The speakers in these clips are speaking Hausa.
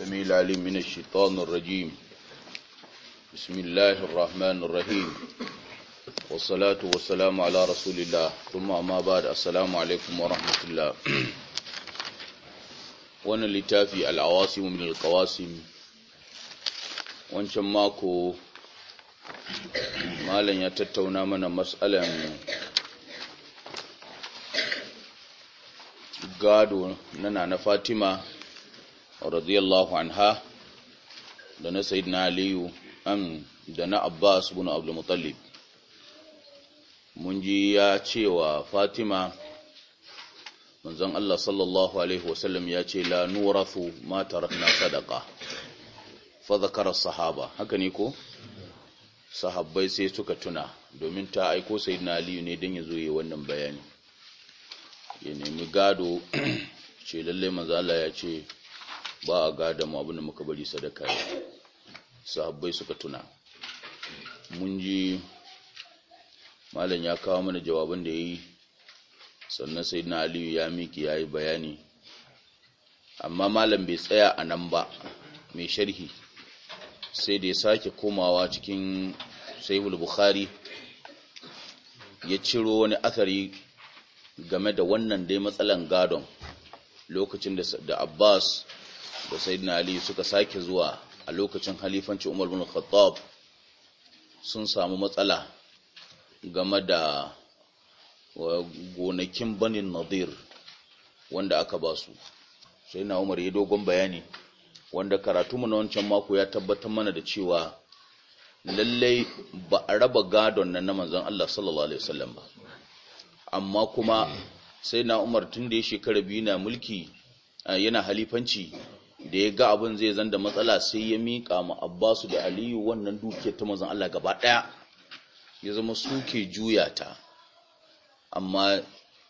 السميع العليم من الشيطان الرجيم بسم الله الرحمن الرحيم والصلاة والسلام على رسول الله ثم أما بعد السلام عليكم ورحمة الله وانا لتافي العواصم من القواسم wancan mako malam ya tattauna mana matsalan gado na na fatima radiyallahu anha da na sayyidina aliyu am da na abbas bin abdul muttalib mun ji ya cewa fatima manzon Allah sallallahu alaihi wasallam ya ce la nurathu ma tarakna sadaqa fa zakara sahaba haka ne ko sahabbai sai suka tuna domin ta aiko sayyidina aliyu ne dan ya yi wannan bayani ya nemi gado ce lalle manzo Allah ya ce ba a gada mu abinda muka bari sadaka su sahabbai suka tuna mun ji malam ya kawo mana jawabin da ya yi, sannan sai na aliyu ya miki ya yi bayani amma malam bai tsaya a nan ba mai sharhi sai da ya sake komawa cikin sahihul bukhari ya ciro wani athari game da wannan dai matsalan gadon lokacin da Abbas da sayyidina ali suka sake zuwa a lokacin halifanci umar bin khattab sun samu matsala game da gonakin banin nadir wanda aka ba su sai na umar ya dogon bayani wanda karatu mu na wancan mako ya tabbatar mana da cewa lallai ba a raba gadon nan na manzon Allah sallallahu alaihi wasallam ba amma kuma sai na umar tun da ya shekara biyu na mulki yana halifanci da ya ga abin zai zan da matsala sai ya miƙa ma Abbasu da Aliyu wannan dukiyar ta mazan Allah gaba ɗaya ya zama suke juya ta amma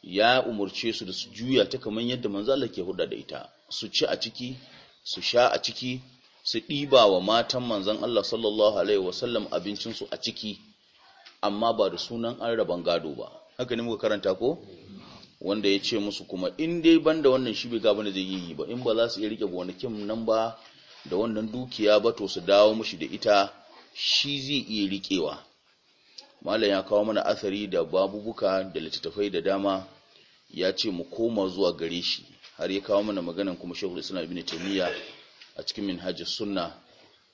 ya umarce su da su juya ta kamar yadda manzon Allah ke huɗa da ita su ci a ciki su sha a ciki su ɗiba wa matan manzon Allah sallallahu alaihi wasallam abincinsu a ciki amma ba da sunan an raban gado ba haka ne muka karanta ko wanda ya ce musu kuma in dai banda wannan shi bai ga bane zai yi ba in ba za su iya rike gonakin nan ba da wannan dukiya ba to su dawo mushi da ita shi zai iya rikewa malam ya kawo mana asari da babu-buka da littattafai da dama ya ce mu koma zuwa gare shi har ya kawo mana maganan kuma shekul islam ibn taymiya a cikin minhajus sunna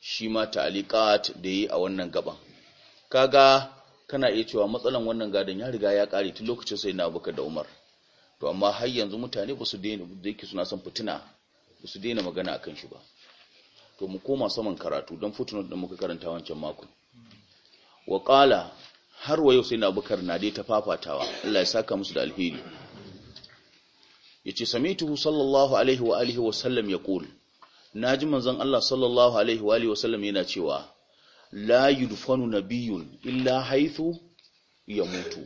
shi ma ta'aliqat da yi a wannan gaban kaga kana iya cewa matsalan wannan gadon ya riga ya kare tun lokacin sai na abubakar da umar to amma har yanzu mutane ba su daina da yake suna son fitina ba su daina magana akan shi ba to mu koma saman karatu don footnote da muka karanta wancan makon wa qala har wa sai na bukar na dai ta fafatawa Allah ya saka musu da alheri yace samituhu sallallahu alaihi wa alihi wa sallam yaqul naji manzon Allah sallallahu alaihi wa alihi wa sallam yana cewa la yudfanu nabiyyun illa haythu yamutu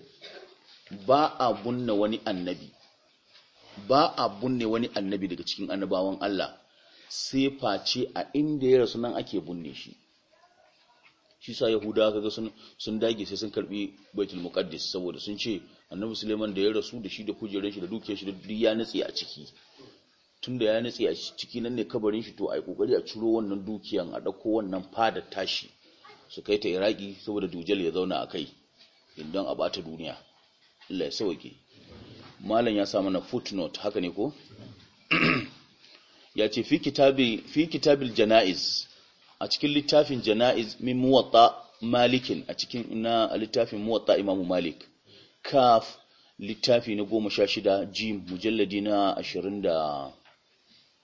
ba a bunna wani annabi ba a bunne wani annabi daga cikin annabawan Allah sai face a inda ya rasu nan ake bunne shi shi sa yahuda kaga sun sun dage sai sun karbi baitul muqaddis saboda sun ce annabi suleiman da ya rasu da shi da kujerar shi da dukiyar shi da duk ya nutse a ciki tunda ya nutse a ciki nan ne kabarin shi to ai kokari a ciro wannan dukiyan a dauko wannan fada tashi su kai ta iraki saboda dujal ya zauna a kai idan a bata duniya Allah ya sauke malam ya samu mana footnote haka ne ko ya ce fi kitabil fi janaiz a cikin littafin janaiz min muwatta malikin a cikin ina littafin muwatta imamu malik kaf littafi na goma sha shida jim mujalladi na ashirin da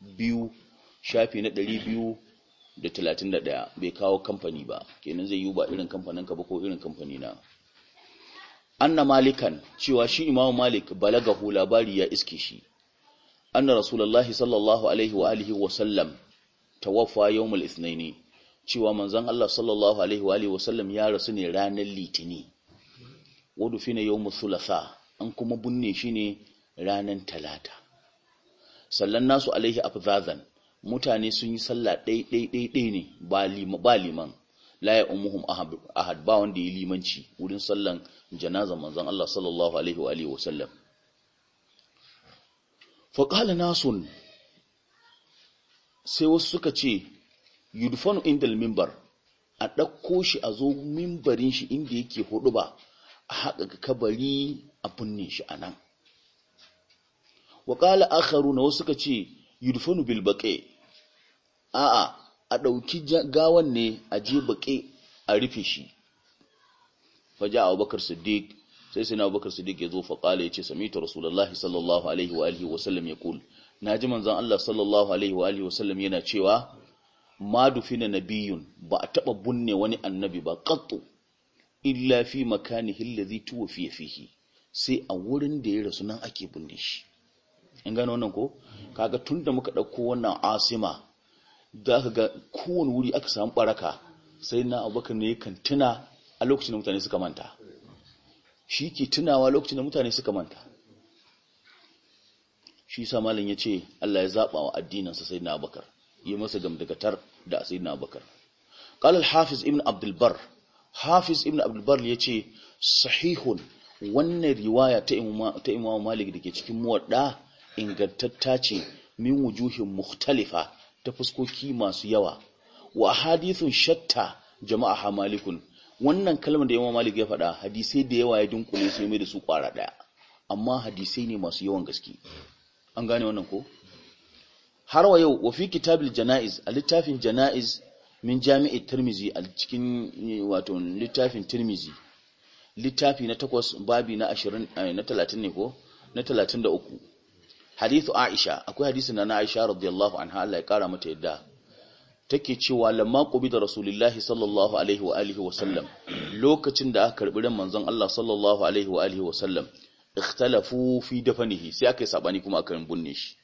biyu shafi na ɗari biyu da talatin da ɗaya bai kawo kamfani ba kenan zai yi ba irin kamfaninka ba ko irin kamfani na. anna malikan cewa shi imamu malik balagahu labari ya iske shi anna rasulullahi sallallahu alaihi wa alihi wa sallam tawaffa yawmul ithnaini cewa manzon Allah sallallahu alaihi wa alihi wa sallam ya rasu ne ranar litini wadu fina yawmul thulatha an kuma binne shi ne ranar talata sallan nasu alaihi afzazan mutane sun yi sallah ɗai ɗai ɗai ne ba liman la ya umuhum ahad ba wanda ya limanci wurin sallan janaza manzon Allah sallallahu alaihi wa alihi wasallam fa nasun sai wasu suka ce yudfanu indal minbar a ɗauko shi a zo mimbarin shi inda yake hudu ba a haƙa kabari a binne shi a nan wa ƙala akharu na wasu suka ce yudfanu bilbaƙe a'a a ɗauki gawan ne a je baƙi a rufe shi faja abubakar siddiq sai sai na abubakar siddiq ya zo faƙala ya ce samitu rasulullahi sallallahu alaihi wa alihi wasallam ya kul na ji manzan allah sallallahu alaihi wa alihi wasallam yana cewa ma na nabiyun ba a taɓa bunne wani annabi ba qattu illa fi makanihi tuwa fiye fihi sai a wurin da ya rasu nan ake bunne shi in gano wannan ko kaga tunda muka ɗauko wannan asima da aka ga kowane wuri aka samu baraka sai na abubakar ne kan tuna a lokacin da mutane suka manta shi ke tunawa lokacin da mutane suka manta shi sa malam ya ce Allah ya zaɓa wa addinansa sai na abubakar yi masa gamdagatar da sai na abubakar ƙalar hafiz ibn abdulbar hafiz ibn abdulbar ya ce sahihun wannan riwaya ta imamu malik da ke cikin muwaɗa ingantatta ce min wujuhin mukhtalifa ta fuskoki masu yawa wa hadithun shatta jama'a malikun wannan kalmar da yawa malik ya faɗa hadisai da yawa ya dunkule su mai da su ƙwara ɗaya amma hadisai ne masu yawan gaske an gane wannan ko har wa yau wa fi kitabil janaiz a littafin janaiz min jami'i tirmizi a cikin wato littafin tirmizi littafi na takwas babi na 20 eh, na talatin ne ko na 33 hadithu aisha akwai hadisi na aisha radiyallahu anha Allah ya kara mata yadda take cewa lamma qubi da rasulullahi sallallahu alaihi wa alihi wa sallam lokacin da aka karbi ran manzon Allah sallallahu alaihi wa alihi wa sallam ikhtalafu fi dafanihi sai aka yi sabani kuma akan bunne shi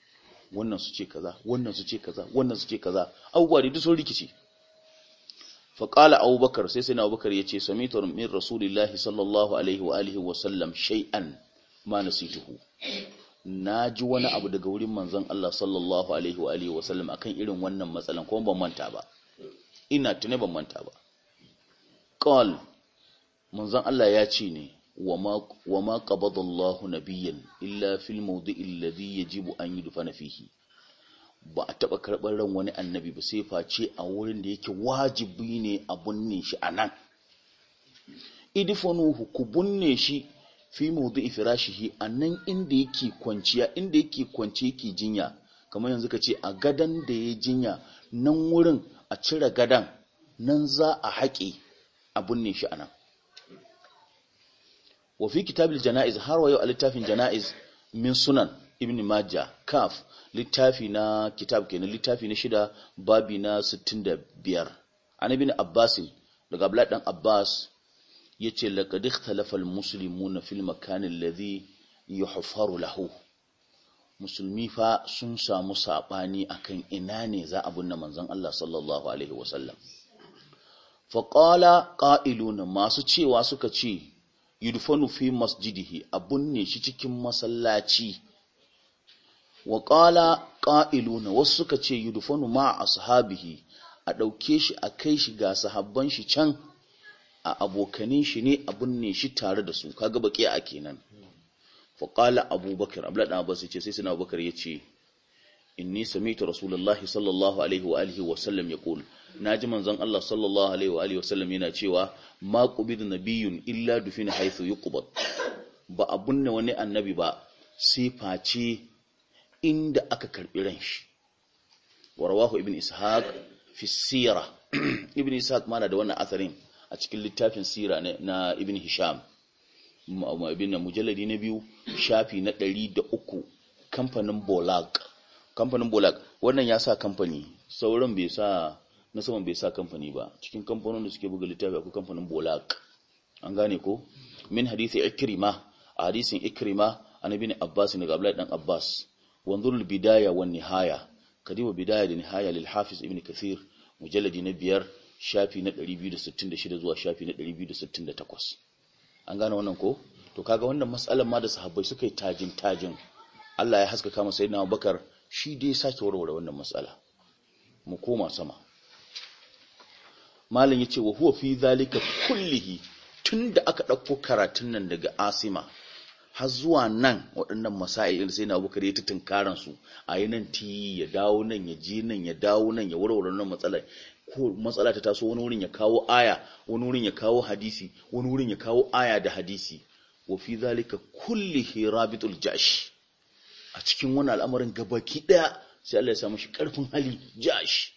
wannan su ce kaza wannan su ce kaza wannan su ce kaza abubuwa da duk sun rikice fa qala abubakar sai sai na abubakar yace samitu min rasulillahi sallallahu alaihi wa alihi wa sallam shay'an ma nasituhu na ji wani abu daga wurin manzon Allah sallallahu alaihi wa alihi wasallam akan irin wannan matsalan kuma ban manta ba ina tuni ban manta ba qal manzon Allah ya ce ne wa ma qabadallahu nabiyyan illa fil mawdi'i alladhi yajibu an yudfana fihi ba a taba karɓar ran wani annabi ba sai face a wurin da yake wajibi ne a bunne shi anan idfanuhu ku bunne shi fi mawdu'i a nan inda yake kwanciya inda yake kwance yake jinya kamar yanzu ka ce a gadan da ya jinya nan wurin a cire gadan nan za a haƙe a binne shi anan wa fi kitabil janaiz har wa yau a littafin janaiz min sunan ibn majah kaf littafi na kitab kenan littafi na shida babi na 65 an ibn abbas daga abdullah dan abbas Ya ce yace laqad na almuslimuna fil lazi ya yuhfaru lahu musulmi fa sun samu saɓani akan ina ne za a binne manzan Allah sallallahu alaihi wasallam faƙala masu cewa suka ce yudfanu fi masjidihi a binne shi cikin masallaci wa ƙa'ilu na wasu suka ce Yudufanu ma a ashabihi a ɗauke shi a kai shi ga sahabban shi can a abokanin shi ne a binne shi tare da su kaga a kenan fa qala abubakar abla dan abasu ce sai sina abubakar yace inni sami'tu rasulullahi sallallahu alaihi wa alihi wa sallam yaqul naji manzon Allah sallallahu alaihi wa alihi wa sallam yana cewa ma qubidu nabiyyun illa dufina haythu yuqbad ba abunne wani annabi ba sai face inda aka karbi ran shi rawahu ibn ishaq fi sirah ibn ishaq mana da wannan atharin a cikin littafin sira na ibn hisham ibn mujalladi na biyu shafi na 300 kamfanin bolak kamfanin bolak wannan ya sa kamfani sauran bai sa na saman bai sa kamfani ba cikin kamfanin da suke buga littafi akwai kamfanin bolak an gane ko min hadisi ikrima a hadisin ikrima annabi ne abbas ga abdullahi dan abbas wanzurul bidaya wan nihaya kadiba bidaya da nihaya lil hafiz ibn kathir mujalladi na biyar shafi na 266 zuwa shafi na 268 an gane wannan ko to kaga wannan matsalar ma da sahabbai suka yi tajin tajin Allah ya haskaka masa sayyidina Abubakar shi dai sake warware wannan matsala mu koma sama malam yace wa huwa fi zalika kullihi tunda aka dauko karatun nan daga Asima har zuwa nan waɗannan masail sai na Abubakar ya tutunkaran su a yi nan ti ya dawo nan ya je nan ya dawo nan ya warware wannan matsalar ko matsala ta taso wani wurin ya kawo aya wani wurin ya kawo hadisi wani wurin ya kawo aya da hadisi wa fi zalika kullihi rabitul jash a cikin wannan al'amarin gabaki daya sai Allah ya samu shi karfin hali jash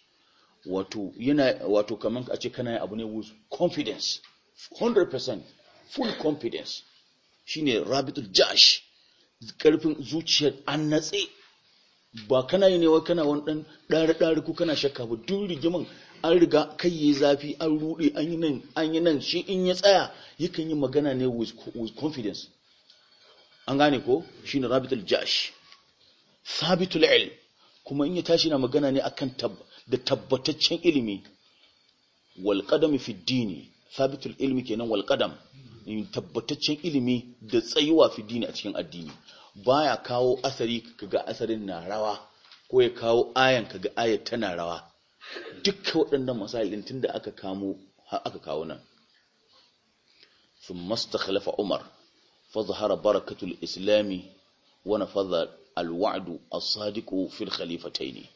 wato yana wato kaman a ce kana abu ne with confidence 100% full confidence shine rabitul jash karfin zuciyar annatse ba kana yi ne wa kana wani dan ɗari-ɗari ko kana shakka ba duk rigiman an riga kai yi zafi an rude an yi nan shi in ya tsaya yakan yi magana ne with confidence an gane ko shi shine rabitul jash sabitul ilm kuma in yi tashi na magana ne akan da tabbataccen ilimi walƙadam fi dini sabitul ilmi kenan walƙadam, tabbataccen ilimi da tsayuwa fi dini a cikin addini baya kawo asari kaga asarin na rawa ko ya kawo ayan kaga ayat tana rawa Dukka waɗannan masalin tun da aka kamo aka kawo nan sun Khalifa umar fazahara barakatul islami wani faza alwa'adu a sadiku fil khalifatai ne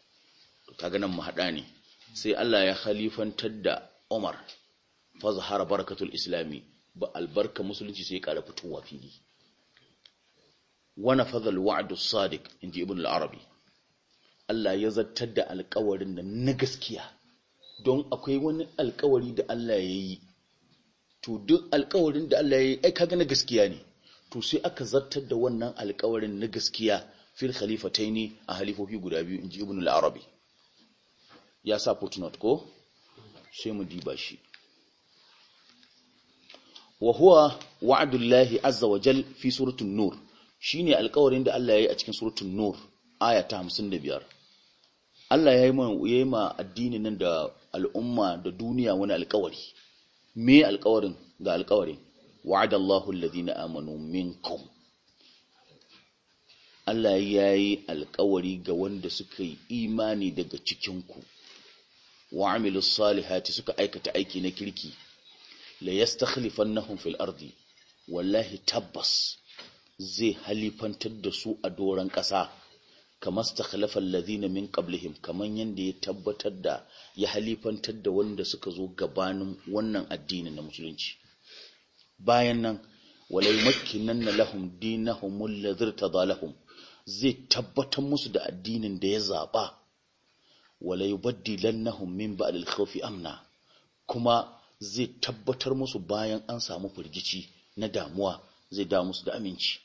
ta ganin mahaɗa ne sai Allah ya khalifantar da umar fazahara barakatul islami ba albarka musulunci sai ya ƙara fitowa fili wani faza alwa'adu sadiq in ji ibn al'arabi Allah ya zartar da alkawarin nan na gaskiya don akwai wani alkawari da Allah ya yi to duk alkawarin da Allah ya yi ai kaga na gaskiya ne to sai aka zartar da wannan alkawarin na gaskiya fil khalifataini a halifofi guda biyu inji ibn al-arabi ya sa footnote ko sai mu diba shi wa huwa Allah azza wa jal fi suratul nur shine alkawarin da Allah ya yi a cikin suratul nur aya ta 55 Allah ya yi ma addini nan da al'umma da duniya wani alƙawari me alƙawarin ga alƙawarin wa'ada Allahu alladhina amanu minkum Allah ya yi alƙawari ga wanda suka yi imani daga cikinku wa amilu salihati suka aikata aiki na kirki la na fil ardi wallahi tabbas zai halifantar da su a doron ƙasa kamar stakhlafa lazina min qablihim kaman yadda ya tabbatar da ya halifantar da wanda suka zo gabanin wannan addini na musulunci bayan nan walai na lahum dinahum alladhi tadalahum zai tabbatar musu da addinin da ya zaba walai yubaddilannahum min ba'd al amna kuma zai tabbatar musu bayan an samu firgici na damuwa zai da musu da aminci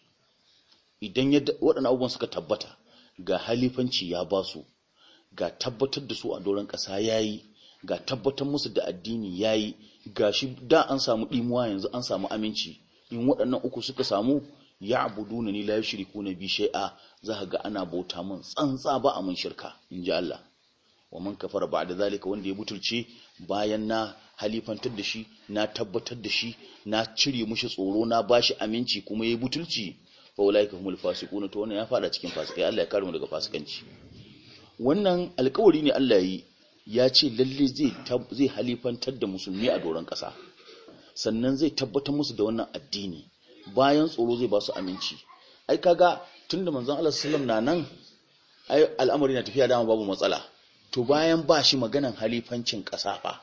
idan waɗannan abubuwan suka tabbata ga halifanci ya ba su ga tabbatar da su a doron ƙasa ya yi ga tabbatar musu da addini ya yi ga shi da an samu ɗimuwa yanzu an samu aminci in waɗannan uku suka samu ya abudu na ni la shiriku na bi shai'a za ga ana bauta mun tsantsa ba a mun shirka in ji Allah wa man kafara ba da zalika wanda ya butulce bayan na halifantar da shi na tabbatar da shi na cire mushi tsoro na bashi aminci kuma ya butulci fa ulaika humul fasiqun to wannan ya fada cikin fasikai Allah ya kare daga fasikanci wannan alƙawari ne Allah yi ya ce lalle zai zai halifantar da musulmi a doron ƙasa sannan zai tabbatar musu da wannan addini bayan tsoro zai ba su aminci ai kaga tunda manzon Allah sallallahu alaihi wasallam na nan ai al'amari na tafiya dama babu matsala to bayan ba shi maganan halifancin ƙasa fa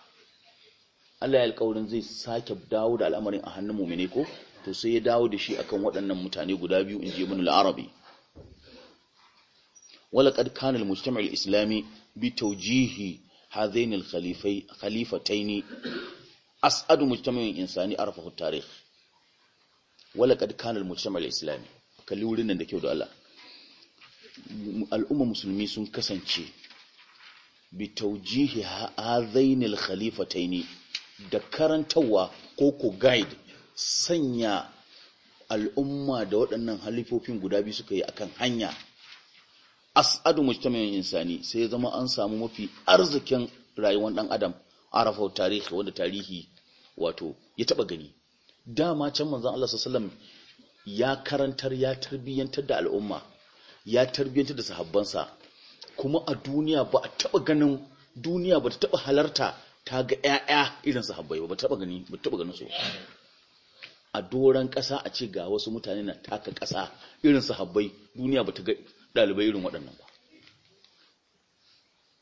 Allah ya alƙawarin zai sake dawo da al'amarin a hannun mu'mini ko to sai ya dawo da shi akan waɗannan mutane guda biyu in je munul arabi walaqad kana al-mujtama' al-islami bi tawjihi hadhain al-khalifai khalifatain as'adu mujtama'in insani arfahu at-tarikh walaqad kana al-mujtama' al-islami kalli wurin nan da kyau da Allah al'umma musulmi sun kasance bi tawjihi hadhain al-khalifatain da karantawa koko ko guide sanya al'umma da waɗannan halifofin guda biyu suka yi akan hanya as'adu mujtama'in insani sai zama an samu mafi arzikin rayuwar ɗan adam arafa tarihi wanda tarihi wato ya taba gani dama can manzon Allah sallallahu ya karantar ya tarbiyantar da al'umma ya tarbiyantar da sahabbansa kuma a duniya ba a taba ganin duniya ba ta taba halarta ta ga ƴaƴa irin sahabbai ba ba taba gani ba taba ganin su a doron ƙasa a ce ga wasu mutane na taka ƙasa irin sahabbai duniya ba ta ga ɗalibai irin waɗannan ba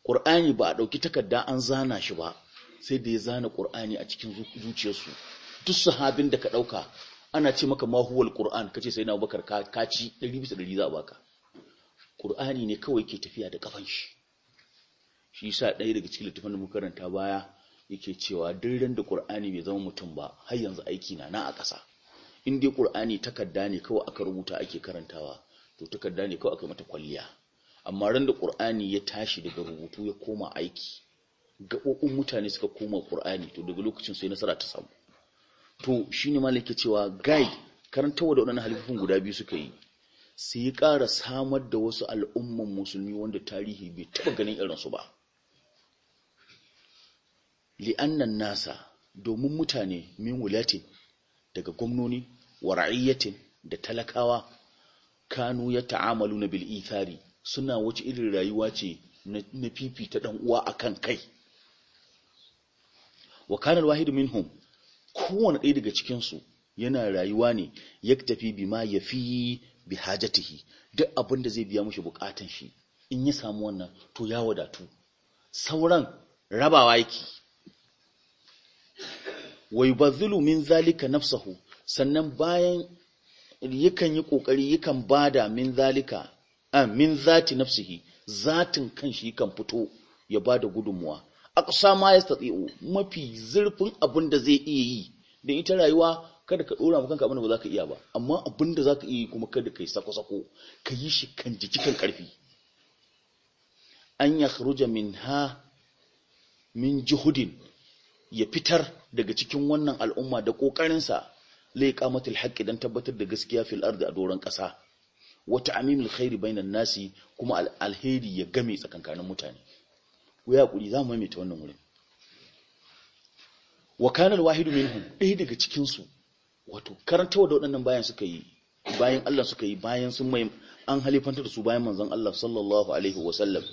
ƙur'ani ba a ɗauki takarda an zana shi ba sai da ya zana ƙur'ani a cikin zuciyarsu duk sahabin da ka ɗauka ana ce maka mahuwal ƙur'an ka ce sai na bakar kaci ɗari bisa ɗari za a baka ƙur'ani ne kawai ke tafiya da ƙafan shi shi ɗaya daga cikin littafin da muka karanta baya yake cewa duk ran da Qur'ani bai zama mutum ba har yanzu aiki na na a ƙasa in dai Qur'ani takarda ne kawai aka rubuta ake karantawa to takarda ne kawai aka mata kwalliya amma ran da Qur'ani ya tashi daga rubutu ya koma aiki ƙoƙun mutane suka koma Qur'ani to daga lokacin sai nasara ta samu to shine malai yake cewa gai karantawa da wadannan halifofin guda biyu suka yi sai ya ƙara samar da wasu al'umman musulmi wanda tarihi bai taɓa ganin irinsu ba li'annan nasa domin mutane min wulatin daga gwamnoni wa ra'ayyatin da talakawa kanu ya ta'amalu na bil suna wace irin rayuwa ce na fifita dan a kan kai wa kanar wahidu min minhum kowane ɗaya daga cikinsu, su yana rayuwa ne ya tafi bima yafi bi hajatihi duk abin da zai biya mashi bukatan shi in ya samu wannan to ya wadatu sauran rabawa yake wai ba min zalika nafsahu sannan bayan yakan yi kokari yakan bada min zalika a ah, min zati nafsihi zatin kanshi kan fito ya bada gudunmuwa ƙasa ma yastati'u mafi zurfin abin da zai iya yi da ita rayuwa kada ka dora maka abin da ba za ka iya ba amma abin da za ka iya kuma kada ka yi sako-sako ka yi shi kan jiki kan karfi an ya kharuja min ha min juhudin ya fitar daga cikin wannan al'umma da ƙoƙarinsa lai kamatul haqqi dan tabbatar da gaskiya fil ardi a doron ƙasa wata amimul khairi bainan nasi kuma alheri ya game tsakankanin mutane ku ya kuri zamu maimaita wannan wurin wa kana alwahidu minhum ɗaya daga cikin su wato karantawa da waɗannan bayan suka yi bayan Allah suka yi bayan sun mai an halifantar da su bayan manzon Allah sallallahu alaihi wa sallam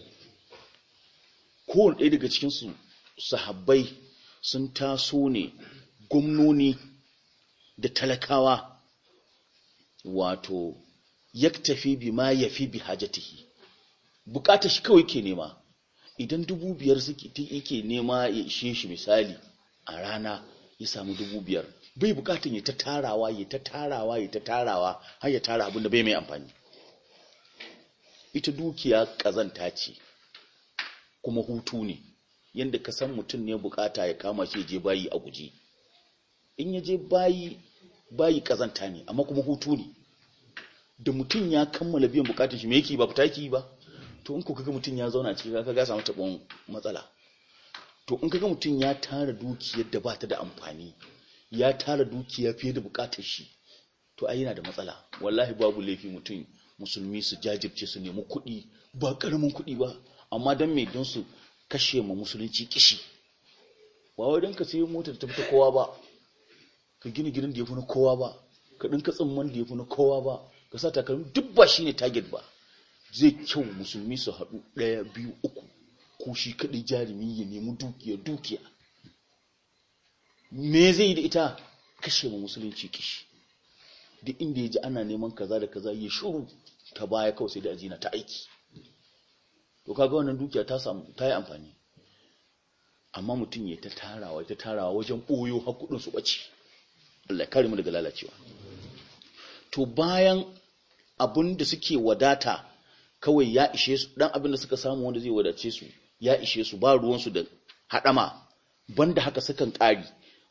ko ɗaya daga cikin su sahabbai sun taso ne gwamnoni da talakawa wato tafi bi ma ya fi bi hajatihi bukata shi kawai ke nema idan dubu biyar yake nema ya ishe shi misali a rana ya samu dubu biyar bai bukatun ya ta tarawa ya ta tarawa ya ta tarawa har ya tara abin da bai mai amfani ita dukiya kazanta ce kuma hutu ne Yadda ka san mutum ne bukata ya kama shi je bayi a guji in ya je bayi bayi kazanta ne amma kuma hutu ne da mutum ya kammala biyan bukatun shi me yake ba fita yake ba to in ko kaga mutum ya zauna ciki ka ga samu tabon matsala to in kaga mutum ya tara dukiyar da bata da amfani ya tara dukiya fiye da bukatar shi to ai yana da matsala wallahi babu laifi mutum musulmi su jajirce su nemi kuɗi ba ƙaramin kuɗi ba amma don me don su kashe ma musulunci kishi ba wai don ka sai motar ta fita kowa ba ka gina gidan da ya fi na kowa ba ka ɗinka tsimman da ya fi na kowa ba ka sa takalmi duk ba shi ne target ba zai kyau musulmi su haɗu ɗaya biyu uku ko shi kaɗai jarumi ya nemi dukiya dukiya me zai yi da ita kashe ma musulunci kishi duk inda ya ji ana neman kaza da kaza ya shuru ta baya kawai sai da ajina ta aiki to kaga wannan dukiya ta samu ta yi amfani amma mutum ya ta tarawa ta tarawa wajen ɓoyo hakudin su ɓace Allah kare mu daga lalacewa to bayan abin da suke wadata kawai ya ishe su dan abin da suka samu wanda zai wadace su ya ishe su ba ruwan su da hadama banda haka sukan kari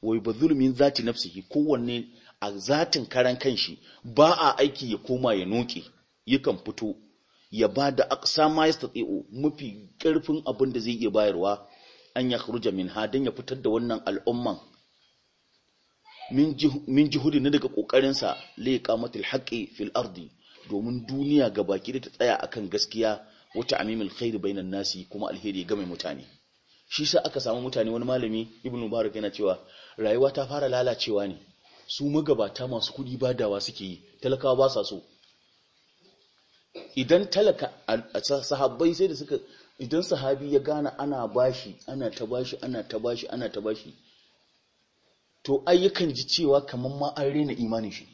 wai ba zulmin zati nafsihi kowanne a zatin karan kanshi ba a aiki ya koma ya noke yakan fito ya ba da aqsa ma yastati'u mafi ƙarfin abin da zai iya bayarwa an ya khruja minha dan ya fitar da wannan al'umman min jihudi na daga kokarinsa liqamatil haqqi fil ardi domin duniya ga baki da ta tsaya akan gaskiya wata amimul khair bainan nasi kuma alheri ga mai mutane shi sa aka samu mutane wani malami ibn mubarak yana cewa rayuwa ta fara lalacewa ne su magabata masu kudi badawa suke yi talakawa ba sa so idan talaka sahabbai sai da suka idan sahabi ya gane ana bashi ana ta bashi ana ta bashi ana ta bashi to ayyukan ji cewa kamar ma an rena imanin shi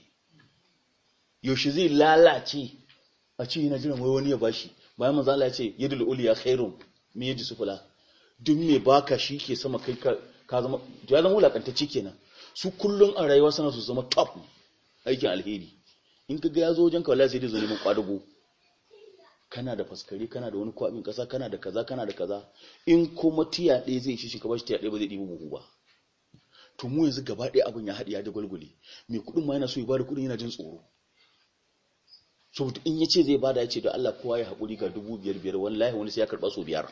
yaushe zai lalace a ce yana jiran wani ya bashi bayan manzo Allah ya ce yadul ya khairum me yaji sufula duk me baka shi ke sama kai ka zama ya zama wulakantacce kenan su kullum a rayuwa sana su zama top aikin alheri in kaga ya zo wajen ka wallahi sai dai zo neman kwadugo kana da faskari kana da wani kwabin kasa kana da kaza kana da kaza in kuma tiya ɗaya zai shi shinkafa shi tiya ɗaya ba zai ɗibi buhu ba to mu yanzu gaba ɗaya abin ya haɗiya ya gwalgwale mai kuɗin ma yana so ya bada kuɗin yana jin tsoro saboda in ya ce zai bada ya ce don Allah kowa ya haƙuri ga dubu biyar biyar wani layi wani sai ya karɓa sau biyar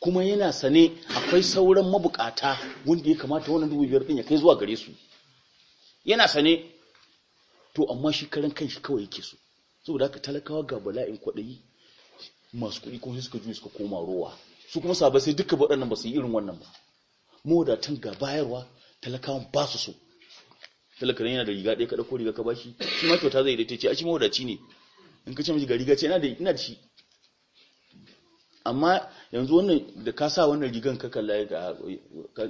kuma yana sane akwai sauran mabukata wanda ya kamata wannan dubu biyar ɗin ya kai zuwa gare su yana sane to amma shi karan shi kawai yake so saboda haka talakawa ga bala'in kwaɗayi masu kuɗi kuma suka juyi suka koma rowa su kuma sabai sai duka waɗannan ba su yi irin wannan ba mawadatan ga bayarwa talakawan ba su so talakawan yana da riga ɗaya kaɗa ko riga ka ba shi ma kyauta zai daita ce a shi mawadaci ne in ka ce mishi ga riga ce ina da shi amma yanzu wannan da ka sa wannan rigan ka kalla ga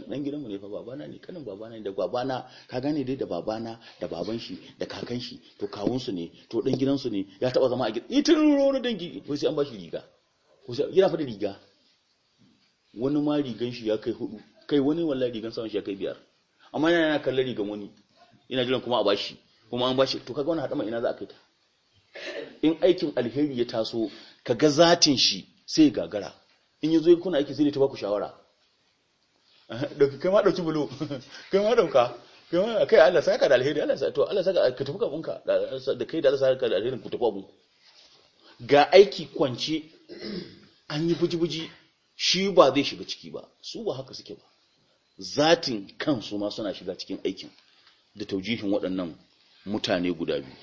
dan gidanmu ne fa babana ne kanin babana ne da babana ka gane dai da babana da baban shi da kakan shi to kawun su ne to dan gidansu ne ya taba zama a gidan itin rono dangi ko sai an bashi riga ko sai yana fa da riga wani ma rigan shi ya kai hudu kai wani wallahi rigan sa shi ya kai biyar amma yana kallon rigan wani ina jiran kuma a bashi kuma an bashi to kaga wannan hadama ina za a kai ta in aikin alheri ya taso kaga zatin shi sai gagara in yi zo kuna aiki sai ta baku shawara dauki kai ma dauki bulu kai ma dauka kai ma kai Allah saka da alheri Allah saka to Allah saka ka tafi kabunka da kai da Allah saka da alheri ku tafi abun ga aiki kwance an yi buji-buji shi ba zai shiga ciki ba su ba haka suke ba zatin kansu ma suna shiga cikin aikin da taujihin waɗannan mutane guda biyu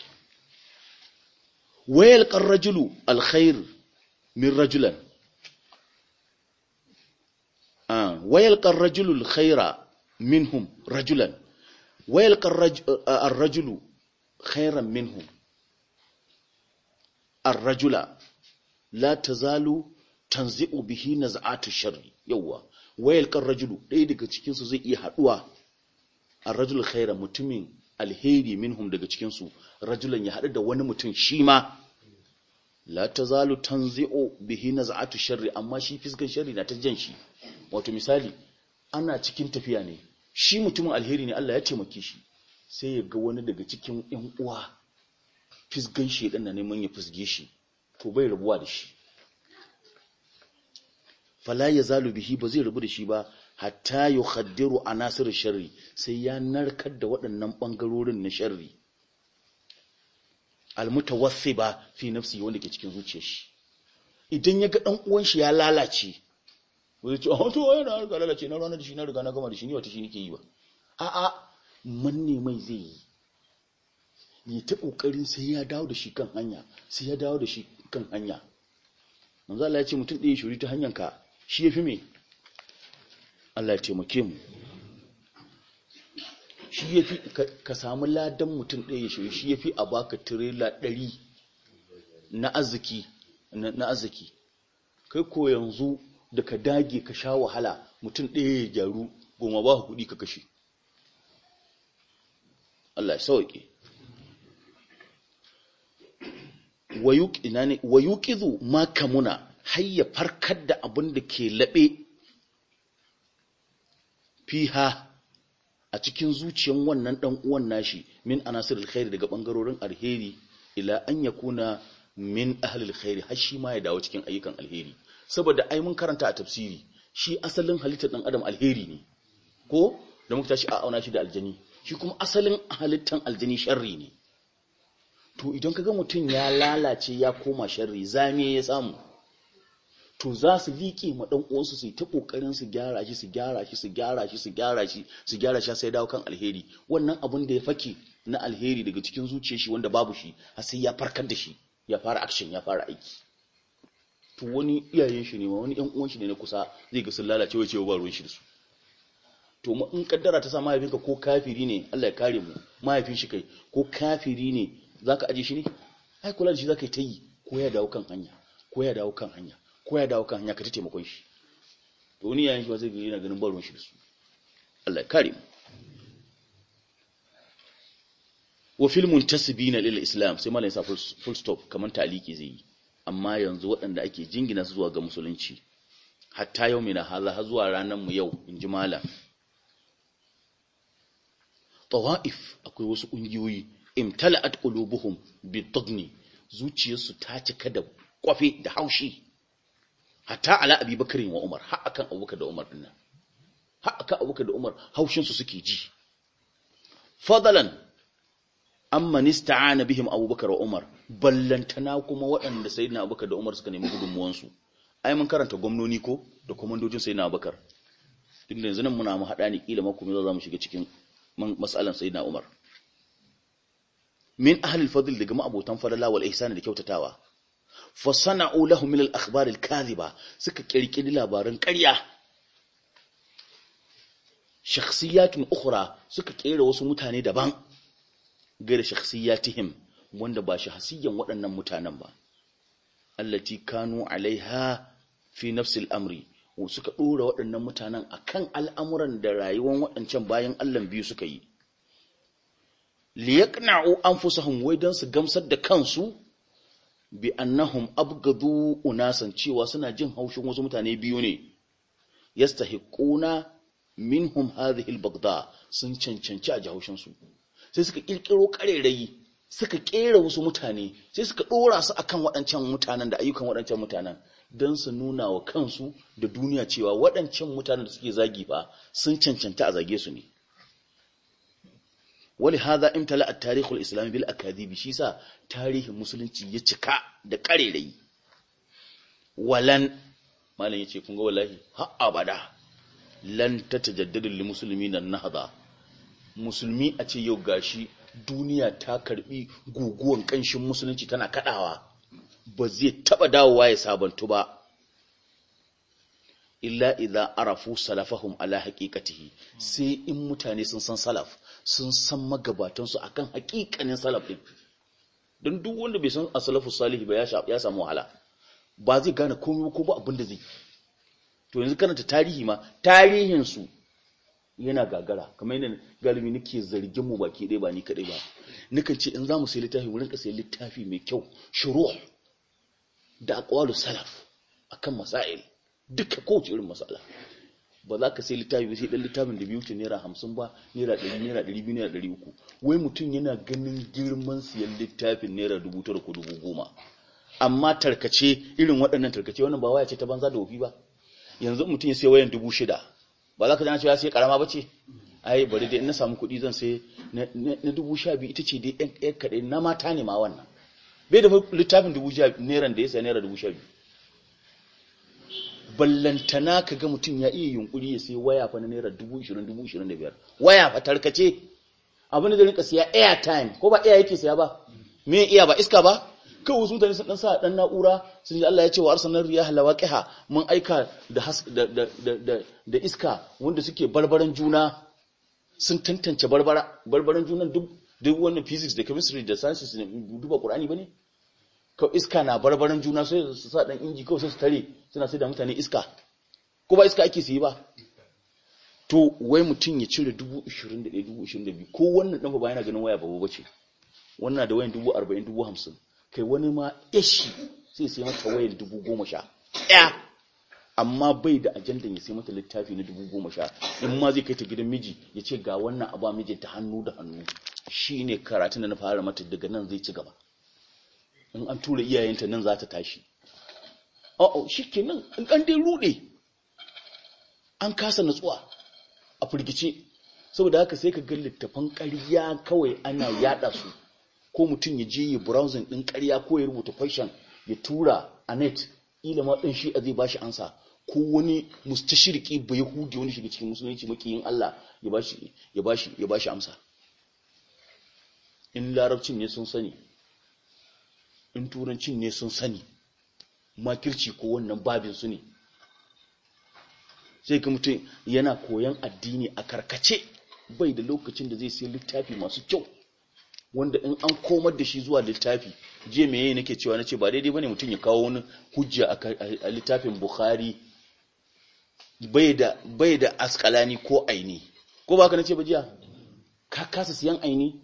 wayal qarrajulu alkhair min rajulan wayalƙar rajulul khaira minhum rajulan wayalƙar rajulu khairan minhum ar-rajula la tazalu tanzi'u bihi naz'atu sharri yawa wayalƙar rajulu ɗaya daga cikinsu zai iya haɗuwa ar-rajul khairan mutumin alheri minhum daga cikinsu rajulan ya haɗu da wani mutum shi ma la tazalu tanzi'u bihi naz'atu sharri amma shi fisgan sharri na ta jan shi wato misali ana cikin tafiya ne shi mutumin alheri ne Allah ya taimake shi sai ya ga wani daga cikin 'yan uwa fisgan shedan na neman ya fisge shi to bai rabuwa da shi fala yazalu bihi ba zai rabu da shi ba hatta yukhaddiru anasir sharri sai ya narkar da waɗannan bangarorin na sharri almutawassiba fi nafsi wanda ke cikin zuciyar shi idan ya ga dan uwan shi ya lalace wai ce oh to ai na riga lalace na ranar da shi na riga na gama da shi ni wata shi nake yi ba a a manne mai zai yi ne ta kokarin sai ya dawo da shi kan hanya sai ya dawo da shi kan hanya manzo Allah ya ce mutum ɗaya shuri ta hanyar ka shi yafi me Allah ya taimake mu shi ya fi ka samu ladan mutum ɗaya shi shi ya fi a baka tirela ɗari na arziki kai ko yanzu da ka dage ka sha wahala mutum ɗaya ya gyaru goma ba kuɗi ka kashe Allah ya sauke wayuqizu ma kamuna har ya farkar da abin da ke laɓe fiha a cikin zuciyan wannan dan uwan nashi min anasir khair daga bangarorin alheri ila an yakuna min ahli khair har shi ma ya dawo cikin ayyukan alheri saboda ai mun karanta a tafsiri shi asalin halittar dan adam alheri ne ko da muka tashi a auna shi da aljani shi kuma asalin halittar aljani sharri ne to idan kaga mutun ya lalace ya koma sharri zame ya samu to za su liƙe ma ɗan uwansu su ta ƙoƙarin su gyara shi su gyara shi su gyara shi su gyara shi su gyara shi sai dawo kan alheri wannan abin da ya fake na alheri daga cikin zuciyar shi wanda babu shi har sai ya farkar da shi ya fara action ya fara aiki to wani iyayen shi ne ma wani ɗan uwan shi ne na kusa zai ga sun lalace wace ba ruwan shi da su to in kaddara ta sa mahaifinka ko kafiri ne Allah ya kare mu mahaifin shi kai ko kafiri ne zaka aje shi ne ai kula da shi zaka yi ta yi ko ya dawo kan hanya ko ya dawo kan hanya Koya da dawo kan hanya ka ta taimakon shi to wani yayin shi ba zai ga na ganin barun shi da su Allah karim wa fil muntasibina lil islam sai mallan sa full stop kaman taliki zai yi amma yanzu waɗanda ake jingina su zuwa ga musulunci hatta yau mina hala har zuwa ranar mu yau in ji malam tawa'if akwai wasu kungiyoyi imtala'at qulubuhum bitadni zuciyarsu ta cika da kwafe da haushi hatta ala abi bakari wa umar har akan abubakar da umar dinnan har akan abubakar da umar haushinsu suke ji fadalan amma nista'ana bihim abubakar wa umar ballantana kuma waɗanda sayyidina abubakar da umar suka nemi gudunmuwansu ai mun karanta gwamnoni ko da komandojin sayyidina abubakar duk da yanzu nan muna mu haɗa ni kila mako mu za mu shiga cikin mas'alan sayyidina umar min ahlul fadl daga ma'abotan falala wal ihsan da kyautatawa fasana sana'u min al-akhbar al-kadhiba suka kirkiri labaran ƙarya shakhsiyatun ukhra suka kera wasu mutane daban gaira shakhsiyatihim wanda ba shahsiyan waɗannan mutanen ba allati kanu alaiha fi al amri suka ɗora waɗannan mutanen akan al'amuran da rayuwar waɗancan bayan Allah biyu suka yi liyaqna'u anfusahum wai dan su gamsar da kansu bi annahum abgadu unasan cewa suna jin haushin wasu mutane biyu ne yastahiquna minhum hadhihi albagda sun cancanci a jahushin su sai suka kirkiro karerayi suka kera wasu mutane sai suka dora su akan waɗancan mutanen da ayyukan waɗancan mutanen don su nuna wa kansu da duniya cewa waɗancan mutanen da suke zagi ba sun cancanta a zage su ne wali haza imtala a tarihul islami bil akadhibi shi sa tarihin musulunci ya cika da karerai walan malam yace ce ga wallahi ba abada lan tatajaddadu musulmi na nahda musulmi a ce yau gashi duniya ta karbi guguwan kanshin musulunci tana kadawa ba zai taba dawowa ya sabantu ba illa iza arafu salafahum ala haqiqatihi sai in mutane sun san salaf sun san magabatansu su akan haƙiƙanin salaf ɗin don duk wanda bai san asalafu salihi ba ya samu wahala ba zai gane komai ko ba abinda zai to yanzu karanta tarihi ma tarihinsu yana gagara kamar yadda galibi nake zargin mu baki ɗaya ba ni kaɗai ba nakan ce in za mu sai littafi wurin ƙasa littafi mai kyau shuru da aqwalu salaf akan masail duka kowace irin matsala ba za ka sai littafi ba sai dan littafin da biyu ce naira hamsin ba naira ɗari naira ɗari biyu naira ɗari uku wai mutum yana ganin girman siyan littafin naira dubu tara ko dubu goma amma tarkace irin waɗannan tarkace wannan ba waya ce ta banza da wofi ba yanzu mutum ya sai wayan dubu shida ba za ka jana cewa sai karama ba ce ai bari dai na samu kuɗi zan sai na dubu sha biyu ita ce dai ɗan kaɗai na mata ne ma wannan bai da littafin dubu sha naira da ya sai naira dubu sha biyu ballantana ka ga mutum ya iya yunkuri ya sai waya fa na naira dubu ishirin waya fa tarkace abin da rinka siya airtime ko ba air yake siya ba me iya ba iska ba kawai su mutane sun dan sa dan na'ura sun ji Allah ya ce wa arsalan riyah lawaqiha mun aika da iska wanda suke barbaran juna sun tantance barbaran junan duk duk wannan physics da chemistry da sciences ne duba qur'ani bane kawai iska na barbarin juna sai su sa dan inji kawai sai su tare suna sai da mutane iska ko ba iska ake su yi ba to wai mutum ya cire 21,000 ko wannan ɗan ba yana ganin waya babu bace wannan da wayan 40,000 kai wani ma yashi sai sai mata wayan 10,000 amma bai da ajandan ya sai mata littafi na 10,000 in ma zai kai ta gidan miji ya ce ga wannan abu mijinta hannu da hannu shi ne karatun da na fara mata daga nan zai ci gaba in an tura iyayenta nan za ta tashi oh, oh shi ke nan in an dai rude an kasa natsuwa a firgice saboda haka sai ka ga littafan ƙarya kawai ana yada su ko mutum ya je ya browsing ɗin ƙarya ko ya rubuta question ya tura a net ila ma ɗin shi a zai shi ansa ko wani mustashirki ba yahudi wani shiga cikin musulunci yin Allah ya ba shi amsa in larabcin ne sun sani in turancin ne sun sani makirci ko wannan babin su ne sai ka mutum yana koyan addini a karkace bai da lokacin da zai sai littafi masu kyau wanda in an komar da shi zuwa littafi je me yayi nake cewa nace ba daidai bane mutum ya kawo wani hujja a littafin Bukhari bai da bai da askalani ko aini ko baka nace ba jiya ka kasa siyan aini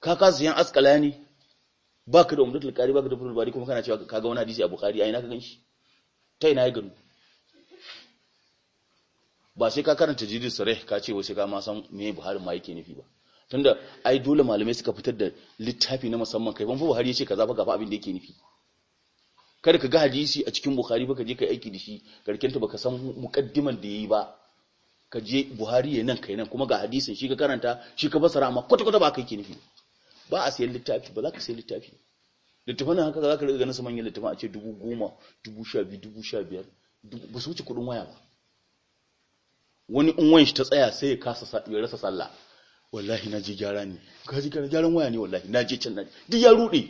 ka kasa siyan askalani baka da umdatul qari baka da fulul bari kuma kana cewa kaga wani hadisi a bukhari ai na ka ganshi ta ina ya gano ba sai ka karanta jidid sarih ka ce wai sai ka ma san me buhari ma yake nufi ba tunda ai dole malamai suka fitar da littafi na musamman kai ban fa buhari yace kaza ba gafa abin da yake nufi kada ka ga hadisi a cikin bukhari ba ka je kai aiki da shi karkenta baka san muqaddiman da yayi ba ka je buhari ya nan kai nan kuma ga hadisin shi ka karanta shi ka basara amma kwata kwata ba kai ke nufi ba a sayan littafi ba za ka sayi littafi littafin haka za ka riga ganin su manyan littafin a ce dubu goma dubu sha biyu dubu sha biyar ba su wuce kuɗin waya ba wani in wanshi ta tsaya sai ya kasa ya rasa tsalla wallahi na je gyara ne ka ji gyara gyaran waya ne wallahi na je can na duk ya rude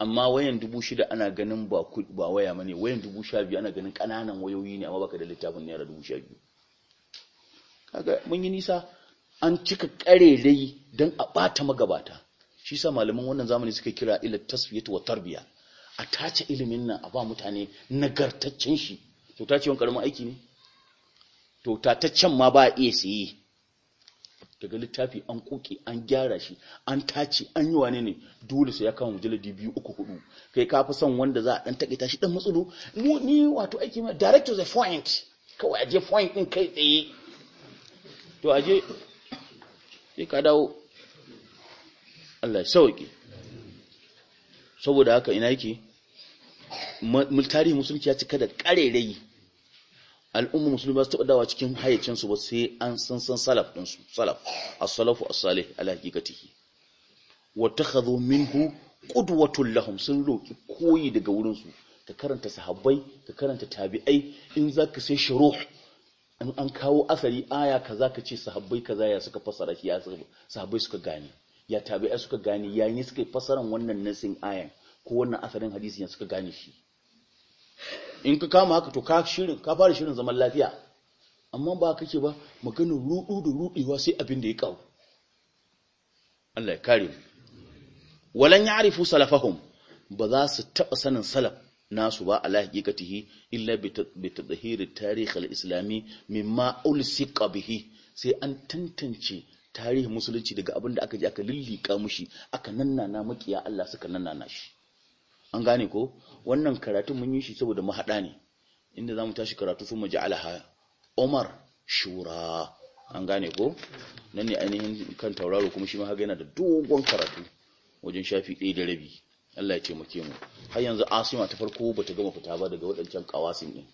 amma wayan dubu shida ana ganin ba ba waya ne wayan dubu sha biyu ana ganin kananan wayoyi ne amma baka da littafin naira dubu sha biyu kaga mun yi nisa an cika ƙarerai don a ɓata magabata shi sa malaman wannan zamani suka kira ila tasfiyatu wa tarbiya a tace ilimin nan a ba mutane nagartaccen shi to tace wani karamin aiki ne to can ma ba a iya sayi daga littafi an kuke an gyara shi an tace an yi wane ne dole sai ya kama mujalladi biyu uku hudu kai ka fi son wanda za a dan takaita shi dan matsalo ni wato aiki ma direct to the point kawai aje point ɗin kai tsaye to aje sai ka dawo Allah ya sauke saboda haka ina yake tarihi musulunci ya cika da ƙarerayi al'umma musulmi ba su taɓa dawa cikin hayyacinsu ba sai an san san salaf ɗinsu salaf as-salafu as-salih ala haqiqatihi wa takhadhu minhu qudwatul lahum sun roki koyi daga wurin su ka karanta sahabbai ka karanta tabi'ai in zaka sai shuruh in an kawo asari aya kaza ka ce sahabbai kaza ya suka fasara shi ya sahabbai suka gane ya tabi'a suka gane ya yi suka fasaran wannan nasin ayan ko wannan asarin hadisi ya suka gane shi in ka kama haka to ka shirin ka fara shirin zaman lafiya amma ba kake ba maganar rudu da rudewa sai abin da ya kawo Allah ya kare mu walan ya'rifu salafahum ba za su taba sanin salaf nasu ba ala hakikatihi illa bi tadhhiri tarikh al-islami mimma ulsiqa bihi sai an tantance tarihin musulunci daga abin da aka je aka lillika mushi aka nannana makiya Allah suka nannana shi an gane ko wannan karatu mun yi shi saboda mu haɗa ne inda zamu tashi karatu sun Alaha, Umar shura an gane ko nan ne ainihin kan tauraro kuma shi ma haga yana da dogon karatu wajen shafi ɗaya da rabi Allah ya taimake mu har yanzu asima ta farko bata gama fita ba daga waɗancan kawasin din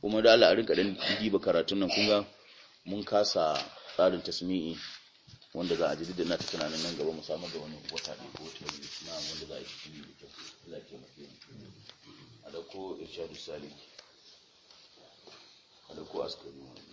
kuma da Allah a rinka dan diba karatun nan kun ga mun kasa tsarin tasmi'i wanda za a ji da na ta tunanin nan gaba mu samu ga wani wata ne ko ta yi na wanda za a yi cikin da kyau ya ce taimake mu a dauko irshadu salih a dauko askari wani